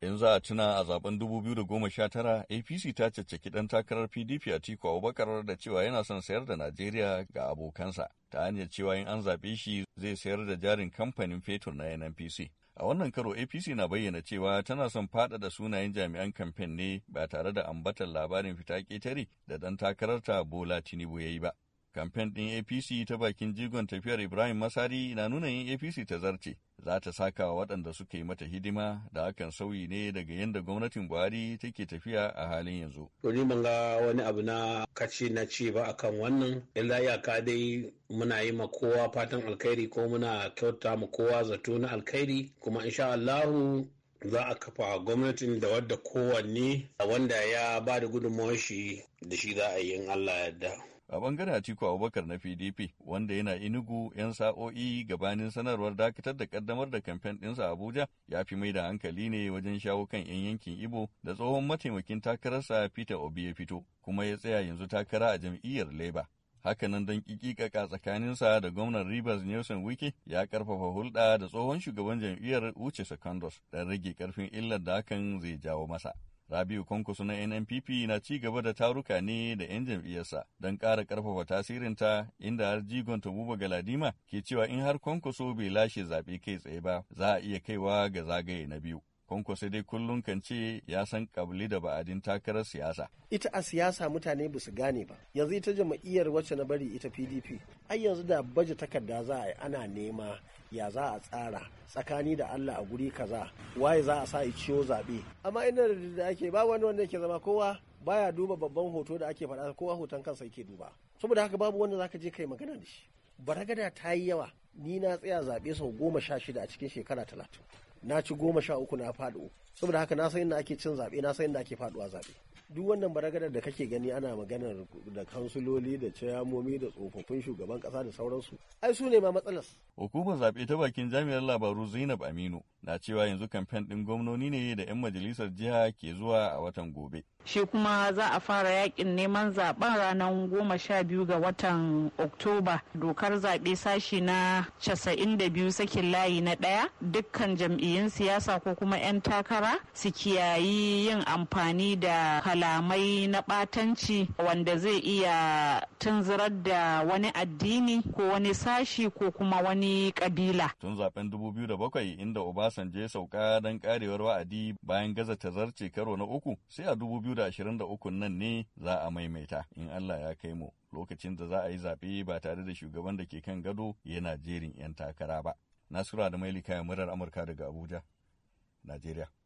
In za a tuna a zaben 2019 APC ta caccaki dan takarar PDP a Tiku Abubakar da cewa yana son sayar da Najeriya ga abokansa ta hanyar cewa in an zaɓe shi zai sayar da jarin kamfanin fetur na NNPC. A wannan karo APC na bayyana cewa tana son faɗaɗa sunayen jami'an kamfen ne ba tare da ambatar labarin fita ƙetare da ɗan takararta Bola Tinubu ya yi ba. Kamfen ɗin APC ta bakin jigon tafiyar Ibrahim Masari na nuna yin APC ta zarce, za ta saka wa waɗanda suka yi mata hidima da hakan sauyi ne daga yadda gwamnatin buhari take tafiya a halin yanzu. ni ban ga wani abu na kaci na ci ba akan wannan illa iyaka dai muna yi ma kowa fatan alkhairi ko muna kyauta ma kowa zato na alkhairi kuma insha Allahu za a kafa gwamnatin da wadda kowanne wanda ya ba da gudunmawar shi da shi za a yi in Allah yadda. A bangaren Atiku Abubakar na PDP, wanda yana inugu 'yan sa'o'i gabanin sanarwar dakatar da kaddamar da kamfen ɗinsa Abuja, ya fi mai da hankali ne wajen shawo kan 'yan yankin Ibo da tsohon mataimakin takararsa Peter Obi ya fito, kuma ya tsaya yanzu takara a jam'iyyar Labour. Hakanan don kikikaka tsakaninsa da gwamnan Rivers Nelson wiki ya karfafa hulɗa da tsohon shugaban jam'iyyar Uche Secondos don rage karfin illar da hakan zai jawo masa. Rabiu Kwankwaso na NNPP na ci gaba da taruka ne da 'yan jam'iyyarsa don ƙara ƙarfafa tasirinta inda har jigon Buba Galadima ke cewa in har Kwankwaso bai lashe zaɓe kai tsaye ba za a iya kaiwa ga zagaye na biyu. Kwanko sai dai kullum kan ce ya san kabli da ba'adin takarar siyasa. Ita a siyasa mutane ba su gane ba. Yanzu ita jama'iyyar wacce na bari ita PDP. Ai yanzu da baje takarda za a yi ana nema ya za a tsara tsakani da Allah a guri kaza waye za a sa yi ciwo zaɓe. Amma ina da ake ba wani wanda yake zama kowa baya duba babban hoto da ake faɗa kowa hoton kansa yake duba. Saboda haka babu wanda zaka je kai magana da shi. baragada ta yi yawa ni na tsaya zaɓe sau goma sha shida a cikin shekara talatin na ci goma sha uku na faɗo saboda haka na san inda ake cin zaɓe na san inda ake faɗuwa zaɓe duk wannan baragadar da kake gani ana maganar da kansuloli da ciyamomi da tsofaffin shugaban kasa da sauransu ai su ne ma matsalas Hukumar zaɓe ta bakin jami'ar labaru Zainab Aminu na cewa yanzu kamfen ɗin gwamnoni ne da 'yan majalisar jiha ke zuwa a watan gobe. Shi kuma za a fara yakin neman zaɓen ranar goma sha biyu ga watan Oktoba. Dokar zaɓe sashi na casa'in da biyu sakin layi na ɗaya dukkan jam'iyyun siyasa ko kuma 'yan takara su kiyayi yin amfani da kalamai na ɓatanci wanda zai iya tunzurar da wani addini ko wani sashi ko kuma wani wani kabila. Tun zaben 2007 inda Obasanjo ya sauka don karewar wa'adi bayan gaza tazarce karo na uku sai a 2023 nan ne za a maimaita in Allah ya kai mu lokacin da za a yi zaɓe ba tare da shugaban da ke kan gado yana jerin 'yan takara ba. Nasura da kayan murar Amurka daga Abuja, Najeriya.